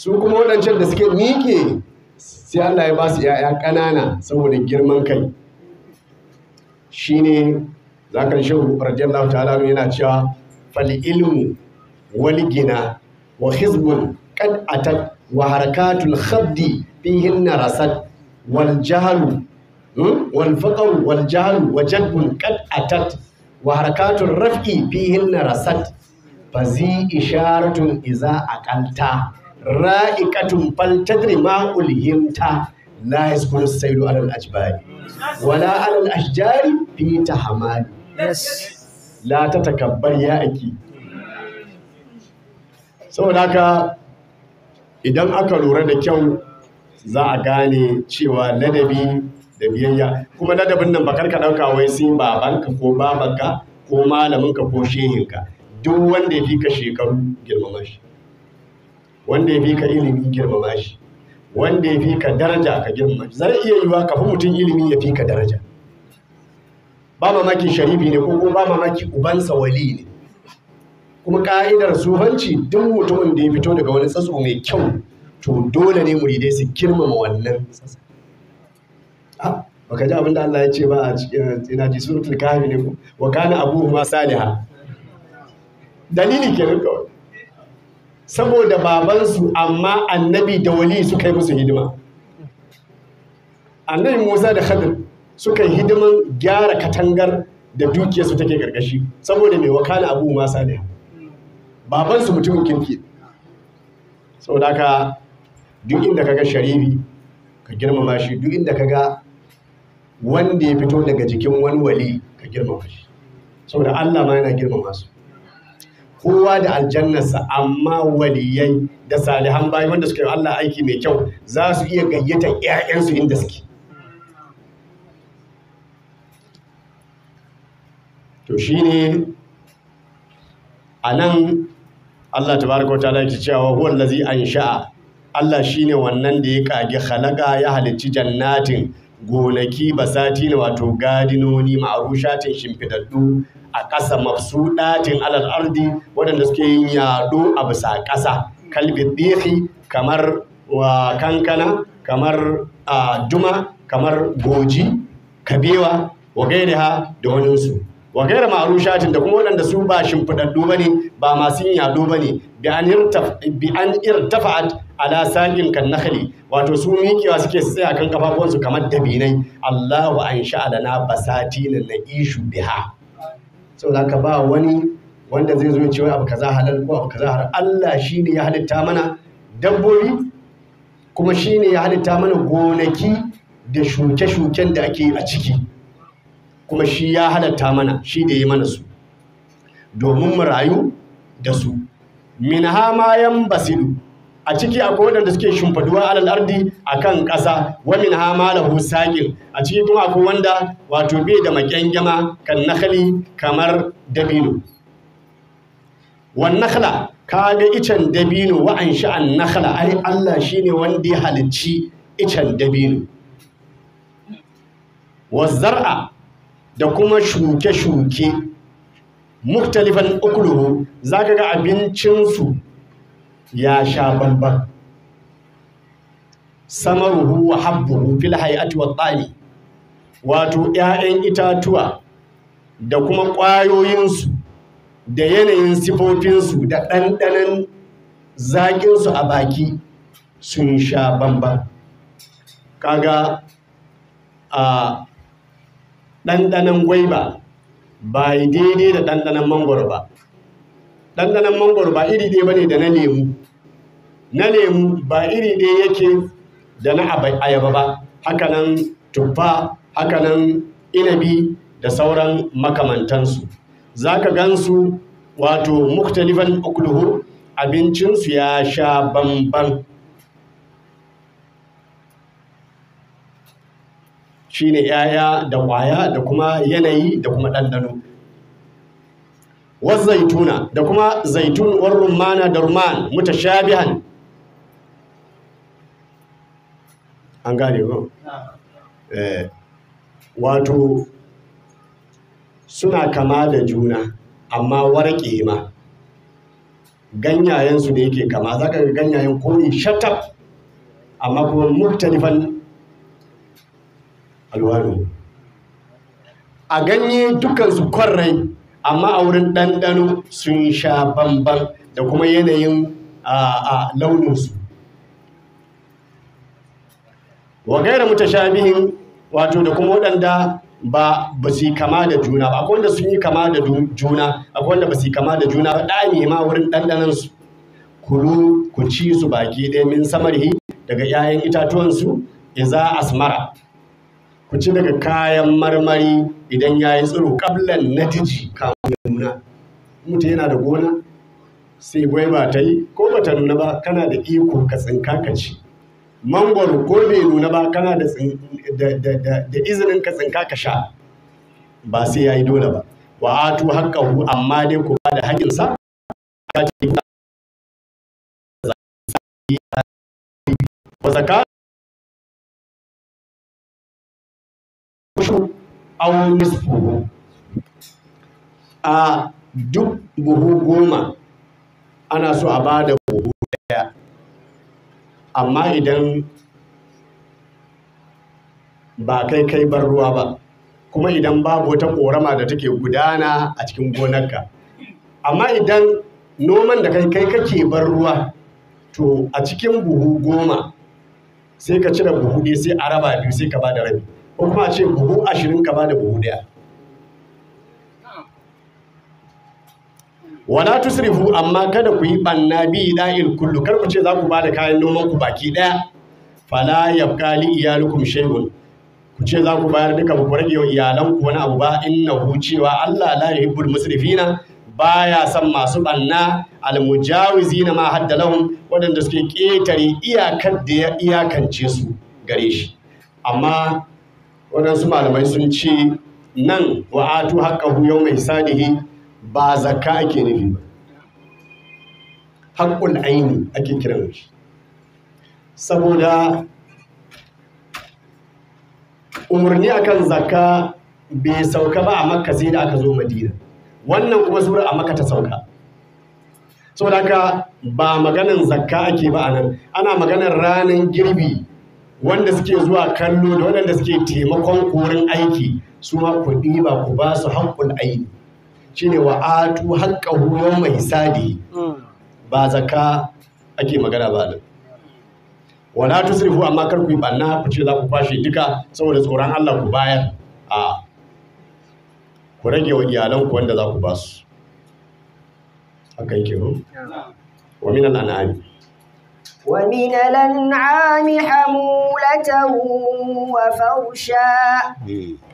su kuma waɗancan da suke miƙe sai Allah ya ba su ‘ya'ya ƙanana saboda girman kai shine ne za ka shi Allah ta'ala yana cewa fali ilmu wal gina wa hizbun qad atat wa harakatul khabdi fihinna rasad wal jahlu wal faqr wal jahlu wa jadbun qad atat wa harakatul raf'i fihinna rasad fazi isharatun iza aqalta ra'iqatun fal tadri ma ulhimta la yasbun sayru ala al ajbari wala ala al ashjari fi yes ya aki saboda haka idan aka lura da kyau za a gane cewa ladabi da biyayya kuma ladabin nan bakar ka ɗauka wai sun babanka ko babanka ko malaminka ko shehinka duk wanda ya fi ka shekaru girmama shi wanda ya fi ka ilimi girmama shi wanda ya fi ka daraja ka girmama shi zai iya yiwa ka fi mutum ilimi ya fi ka daraja ba mamakin sharifi ne ko ba maki ubansa wali ne kuma ka'idar sufanci duk mutumin da ya fito daga wani tsatso mai kyau to dole ne muridai su girmama wannan A ah, baka ji abin da Allah ya ce ba a cikin ji suratul kahfi ne wa kana ma Saliha dalili ke kawai saboda babansu amma annabi da wali su kai musu hidima annabi Musa da Khadir suka yi hidiman gyara katangar da dukiyarsu take karkashi saboda mai wakana abu ma Saliha. Baban babansu mutumin kirki saboda ka duk inda kaga sharifi ka girmama shi duk inda kaga wanda ya fito daga jikin wani wali ka girmama shi saboda Allah ma yana girmama su kowa da aljannarsa amma waliyai da salihan bayan wanda suka yi Allah aiki mai kyau za su iya gayyata 'ya'yansu inda suke to shi ne a nan Allah tabaraka wa ta'ala yake cewa huwa allazi ansha'a Allah shine wannan da ya kage khalaqa ya halicci jannatin gonaki basati ne wato gadinoni ma'arushatin shimfidaddu a ƙasa mafsudatin alal ardi waɗanda suke yin yado a bisa ƙasa kalbi kamar wa kankana kamar a duma kamar goji kabewa wa gairaha da wani su. wa gaira shatin da kuma waɗanda su ba shimfiɗaɗɗu ba ne ba masu yin yaɗo ba ne bi an irtafa'at ala sa'in kan nakhli wato su mikiwa suke tsaya kan kafafuwansu kamar dabinai Allahu an sha'alana basatina na ishu biha da ka ba wani wanda zai zo cewa abu kaza halal ko abu kaza haram Allah shine ya halitta mana dabbobi kuma shine ya halitta mana gonaki da shuke-shuken da ake a ciki kuma shi ya halatta mana shi da yi mana su domin mu rayu da su min hama yan basilu a ciki akwai waɗanda suke shimfaduwa alal ardi a kan ƙasa wa min hama lahu a ciki kuma akwai wanda wato bai da makyangyama kan nakali kamar dabino
Wa nakala
ka ga icen dabino wa an sha'an nakala ai Allah shine wanda ya halicci icen dabino wa zar'a da kuma shuke-shuke muktalifan ukuluhu za ka ga abincinsu ya sha bambam samaruhu wa habbuhu fil hay'ati tsari, wato 'ya'yan itatuwa da kuma ƙwayoyinsu da yanayin sifofinsu da ɗanɗanon zaƙinsu a baki sun sha bambam kaga a ɗanɗanon gwaiba ba yi daidai da ɗanɗanon mangoro ba ɗanɗanon mangoro ba iri ɗaya ba ne da na lemu na lemu ba iri ɗaya yake da na ayaba ba hakanan tuffa hakanan inabi da sauran makamantansu za ka gansu wato muktalifan ukluhu abincinsu ya sha banban. shine ‘ya'ya da ƙwaya da kuma yanayi da kuma ɗanɗano Wasu zaituna da kuma zaitun war rumana da ruman mutashabihan an gane ba eh, wato suna kama da juna amma warƙe ma ganyayensu da yake kama za ka ganyayen koyi shatab amma kuma muktalifan alwano a ganye su kwarrai amma a wurin ɗanɗano sun sha bamban da kuma yanayin launinsu wa gaira mutashabihin wato da kuma waɗanda ba ba su yi kama da juna ba akwai wanda sun yi kama da juna akwai wanda ba su yi kama da juna ba ɗa ne ma wurin ɗanɗanansu kulu ku ci su baki ɗaya min samarhi daga 'ya'yan itatuwansu iza asmara ku ci daga kayan marmari idan ya yi tsiro kablan na tiji kamun ya nuna mutum yana da gona sai gwai ba ta yi ko ba ta nuna ba kana da iko ka tsinka ka ci mangwaro ko bai nuna ba kana da izinin ka tsinka ka sha ba sai ya yi dole ba wa atu haƙƙahu
amma dai ku ba da haƙƙinsa wa zaka aw nisfuhu
a duk buhu goma ana so a ba da buhu daya amma idan ba kai kai bar ruwa ba kuma idan babu wata korama da take gudana a cikin gonarka amma idan noman da kai kai kake bar ruwa to a cikin buhu goma sai ka cire buhu ɗaya sai a raba biyu sai ka ba da rabi ko kuma ce buhu ashirin ka da buhu daya wala tusrifu amma kada ku yi banna bi da'il kullu kar ku ce za ku bada kayan noman ku baki daya fala yabqa li iyalukum shay'un ku ce za ku bayar duka ku rage wa iyalanku wani abu ba innahu cewa Allah la yuhibbul musrifina baya san masu banna almujawizina zina ma hadda waɗanda suke ƙetare iyakar da ya iyakance su gare shi amma waɗansu malamai sun ce nan wa'atu haƙƙahu yau mai sanihi ba zakka ake nufi ba Haƙƙun aini ake kiran shi saboda umarni akan zakka bai sauka ba a makka sai da aka zo madina wannan kuma sura a makka ta sauka saboda haka ba maganin zakka ake ba a nan ana maganin ranar girbi wanda suke zuwa kallo da waɗanda suke taimakon korin aiki su ma ku ɗiba ku ba su haƙƙun aini shine wa atu haƙƙahu mai sadi ba zaka ake magana ba nan wala sirfu amma kar ku yi banna ku ce za ku kwashe duka saboda tsoron Allah ku bayar a ku rage wa iyalanku wanda za ku ba su haka yake ko wa minan an'ami
ومن الأنعام حمولة وفرشا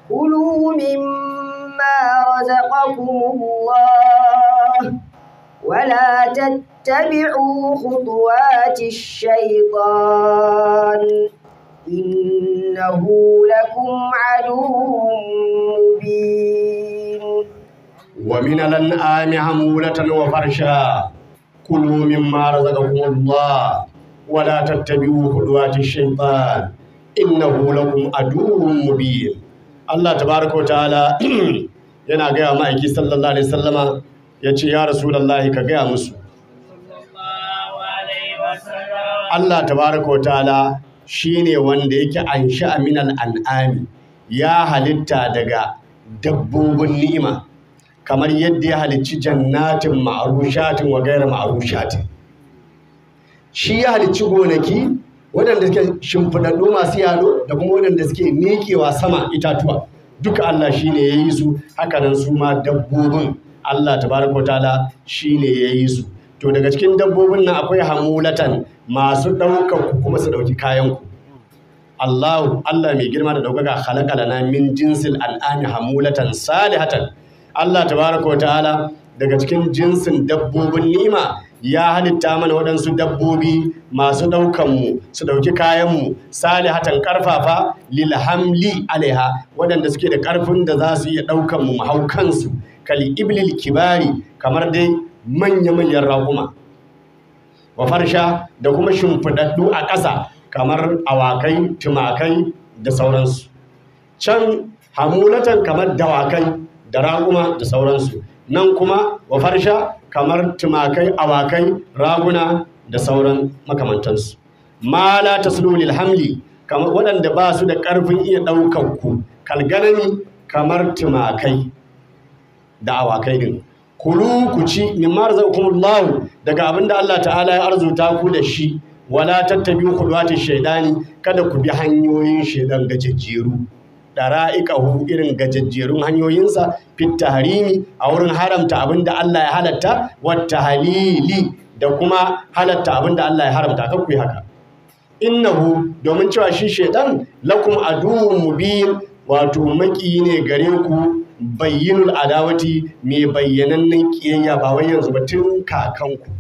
كلوا مما رزقكم الله ولا تتبعوا خطوات الشيطان إنه لكم عدو مبين
ومن الأنعام حمولة وفرشا كلوا مما رزقكم الله Wala tattabi, ولا تتبعوا خطوات الشيطان إنه لكم عدو مبين الله تبارك وتعالى yana gaya ma'aiki sallallahu alaihi sallama ya ce ya rasulallahi ka gaya musu Allah tabaraka wa ta'ala shine wanda yake anshi aminal an'ami ya halitta daga dabbobin ni'ima kamar yadda ya halicci jannatin ma'arushatin wa gaira ma'arushatin shi ya halicci gonaki waɗanda suke shimfiɗaɗɗu masu yaɗo da kuma waɗanda suke miƙewa sama itatuwa duka Allah shi ne ya yi su haka nan su ma dabbobin Allah tabaraka wa ta'ala shi ne ya yi su to daga cikin dabbobin nan akwai hamulatan masu ɗaukaku kuma su ɗauki kayan ku Allahu Allah mai girma da ɗaukaka halaka lana min jinsil al'ami hamulatan salihatan Allah tabaraka wa ta'ala daga cikin jinsin dabbobin nima ya halitta mana waɗansu dabbobi masu ɗaukanmu su ɗauki kayanmu salihatan ƙarfafa lilhamli alaiha waɗanda suke da ƙarfin da za su iya ɗaukanmu mu hau kansu kali iblil kibari kamar dai manya-manyan raƙuma wa farsha da kuma shimfiɗaɗɗu a ƙasa kamar awakai tumakai da sauransu can hamulatan kamar dawakai da raƙuma da sauransu nan kuma wa farsha kamar tumakai awakai raguna da sauran makamantansu ma la taslu hamli kamar waɗanda ba su da ƙarfin iya ɗaukar ku kalganami kamar tumakai da awakai din kulu ku ci mimma daga abin da Allah ta'ala ya arzuta ku da shi wala tattabi'u khudwatish shaidani, kada ku bi hanyoyin shaidan gajejjeru ɗara'iƙahu irin gajajjerun hanyoyinsa fitta Harimi, a wurin haramta abinda da Allah ya halatta wata halili da kuma halatta abinda da Allah ya haramta kan kuwa yi haka innahu domin cewa shi shaidan lakum mu mubin wato maki ne gare ku bayyinul adawati mai bayyanannen kiyayya ba wai yanzu ba tun kakanku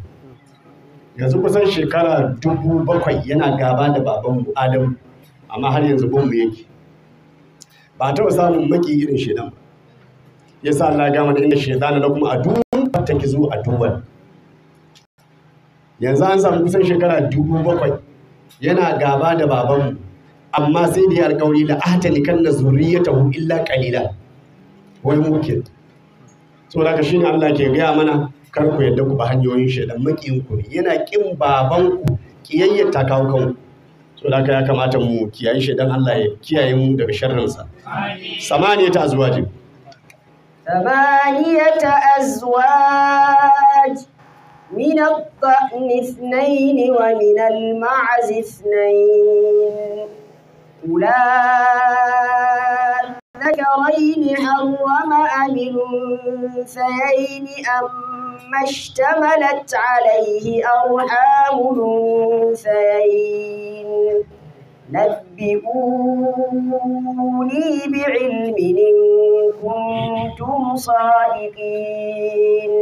yanzu kusan shekara dubu bakwai yana gaba da babanmu adamu amma har yanzu mu yake ba ta samun maki irin shaidan ba sa Allah ya gama da inda shaidana na kuma a aduwan ta ki zo aduwan yanzu an samu kusan shekara dubu bakwai yana gaba da babanmu amma sai da ya alkawari la ahtalikan na zuriyatahu illa qalila wai mukin so ka shine Allah ke gaya mana kar ku yadda ku ba hanyoyin shaidan makiyin ku yana kin babanku kiyayyata kawo kanku saboda ya kamata mu kiyaye shi don Allah ya kiyaye mu daga sharrinsa samaniya ta azuwaji.
samaniya ta azwaji من الضأن اثنين ومن المعز اثنين أولى الذكرين حرم أم الأنثيين أم ثم اشتملت عليه أرحام الأنثيين نبئوني بعلم إن كنتم صادقين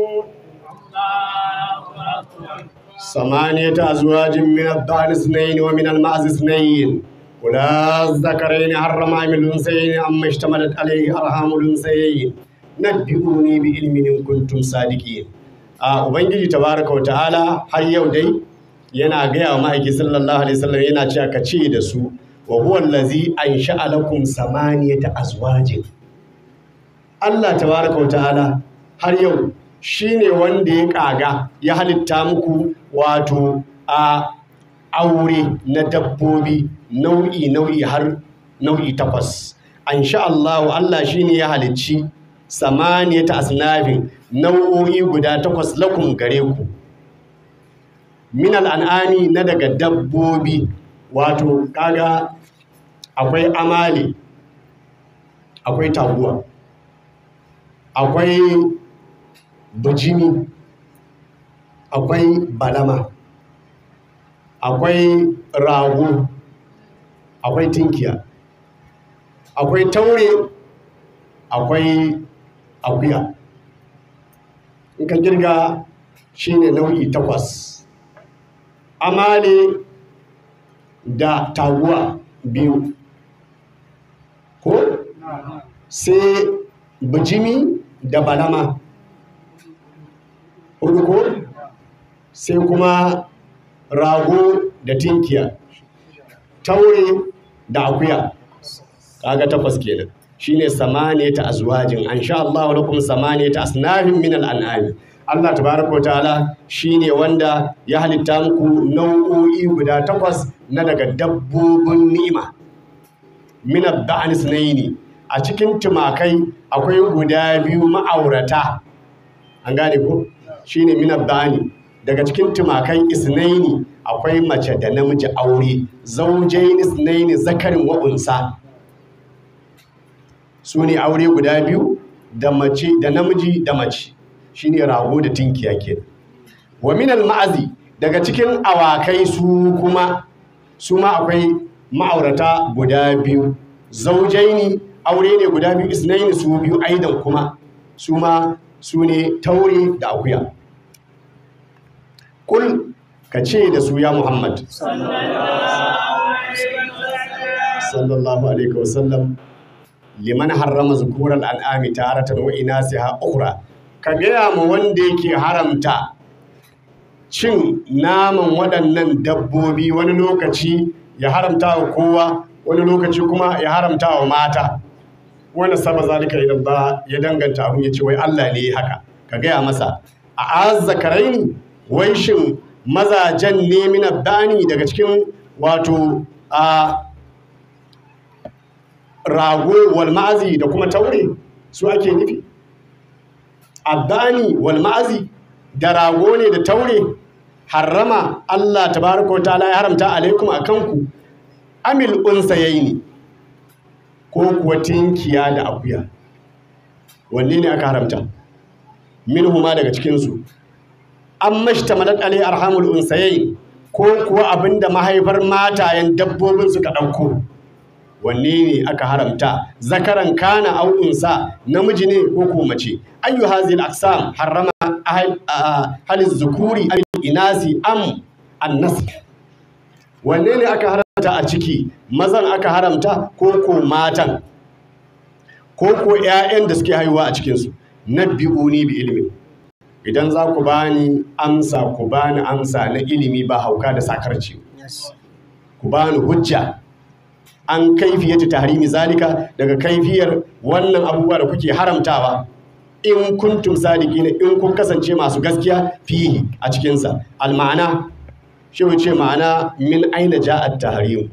ثمانية أزواج من الضأن اثنين ومن المعز اثنين ولا الذكرين حرم من الأنثيين أما اشتملت عليه أرحام الأنثيين نبئوني بعلم إن كنتم صادقين a ubangiji tabaraka wa ta'ala har yau dai yana gaya wa ma'aiki sallallahu alaihi wasallam yana cewa ka ce da su wa huwa allazi ansha'a lakum samaniyata azwajin Allah tabaraka wa ta'ala har yau shine wanda ya kaga ya halitta muku wato a aure na dabbobi nau'i nau'i har nau'i takwas ansha'a Allah Allah shine ya halicci samaniya ta asnabi nau'o'i guda takwas lakum gare ku minal an'ani na daga dabbobi wato kaga akwai amali akwai taguwa akwai bujimi akwai balama akwai rago akwai tinkiya akwai taure akwai akuya in ka girga shine nau'i takwas amale da taguwa biyu ko sai bijimi da balama hudu ko sai kuma rago da tinkiya taure da akuya kaga takwas kenan shine samaniyata azwajin an sha Allah lakum samaniyata asnafin min al Allah tabaraka wa ta'ala shine wanda ya halitta muku nau'o'i guda takwas na daga dabbobin ni'ima min ad-da'n isnaini a cikin tumakai akwai guda biyu ma'aurata an gane ko shine min ad daga cikin tumakai isnaini akwai mace da namiji aure zaujain isnaini zakarin wa unsa su ne aure guda biyu da namiji da mace shine rago da tinkiya kenan wa minal ma'azi daga cikin awakai su kuma su ma akwai ma'aurata guda biyu zaujai ne aure ne guda biyu ne su biyu aidan kuma su ma su ne taure da akuya kul ka ce da su ya muhammad sallallahu alaikawa liman harrama zukural al'ami taratan wa ha ukhra ka gaya ma wanda yake haramta cin naman waɗannan dabbobi wani lokaci ya haramta wa kowa wani lokaci kuma ya haramta wa mata wani saba zalika idan ba ya danganta abin ya ce wai Allah ne haka ka gaya masa a azzakaraini wai shin mazajen ne mina bani daga cikin wato a rago wal ma'azi da kuma taure su ake nufi addani wal ma'azi da rago ne da taure harrama Allah tabaraka wa ta'ala ya haramta alaikum akanku ku amil unsayaini ko kuwa tinkiya da akuya wanne ne aka haramta minhuma daga cikin su amma shtamalat alai arhamul unsayain ko kuwa abinda mahaifar matayen dabbobin suka dauko wanne ne aka haramta zakaran kana au namiji ne ko ko mace ayu hazil aqsam harrama hal zukuri al inasi am annas wanne ne aka haramta a ciki mazan aka haramta ko ko matan ko ko ƴaƴan da suke haihuwa a cikin su nabbi'uni bi ilmi idan za ku bani amsa ku bani amsa na ilimi ba hauka da sakarci ku bani hujja an kaifiyatu tahrimi zalika daga kaifiyar wannan abubuwa da kuke haramtawa in kuntum sadiqina in kun kasance masu gaskiya fihi a cikinsa ma'ana shi ce ma'ana min aina ja'at tahrim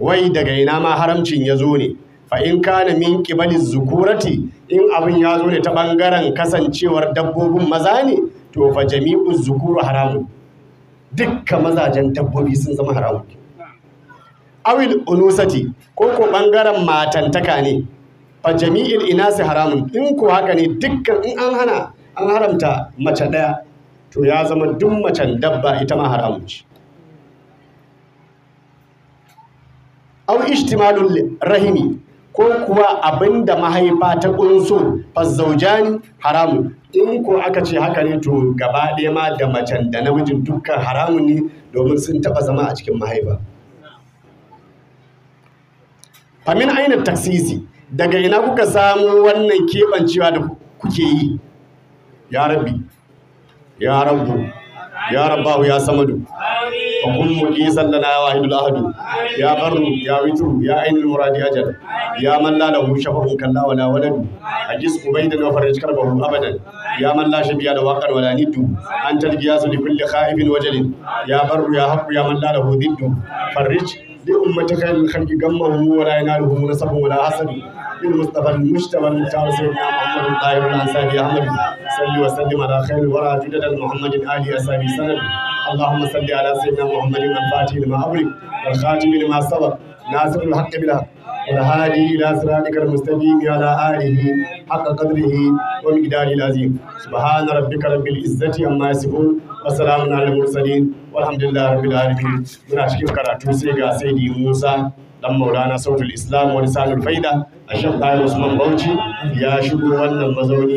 wai daga ina ma haramcin ya zo ne fa in kana min qibali zukurati in abin ya zo ne ta bangaren kasancewar dabbobin maza ne to fa jami'u zukuru haramun dukkan mazajen dabbobi sun zama haramun awil unusati ko ko ɓangaren matantaka ne fa jami'il inasi haramun in ko haka ne dukkan in an hana an haramta mace ɗaya to ya zama duk macen dabba ita ma haramun ce aw ishtimalul rahimi ko kuwa abinda mahaifa ta kunso zaujani haramun in ko aka ce haka ne to gaba ɗaya ma da macen da namijin dukkan haramun ne domin sun taɓa zama a cikin mahaifa famin aina taksisi daga ina kuka samu wannan keɓancewa da kuke yi ya rabbi ya rabbu ya rabbahu ya samadu wa mu muqisan sallana ya wahidul ahadu ya barru ya witru ya ainihin muradi ajal ya man la shafa shafa'un kalla wala waladu da ubaydan wa farij karbahu abadan ya man la shabiya da waqar wala niddu antal giyasu li kulli khaibin wajalin ya barru ya haqqu ya man da lahu diddu farij لأمتك الخلق قمهم ولا ينالهم نصب ولا حسد للمصطفى المجتبى المختار سيدنا محمد الطاهر الأنسابي أحمد صل وسلم على خير الورى جدد محمد آل أسابي سند اللهم صل على سيدنا محمد الفاتح لما أبرك والخاتم لما سبق ناصر الحق بالحق والهادي إلى صراطك المستقيم على آله حق قدره ومقداره العظيم سبحان ربك رب العزة عما يصفون wasalamu ala mursalin walhamdulillahi rabbil alamin muna cikin karatu sai ga saidi Musa dan Maulana Sautul Islam wani risalul Faida a kayan Usman Bauchi ya shigo wannan mazauni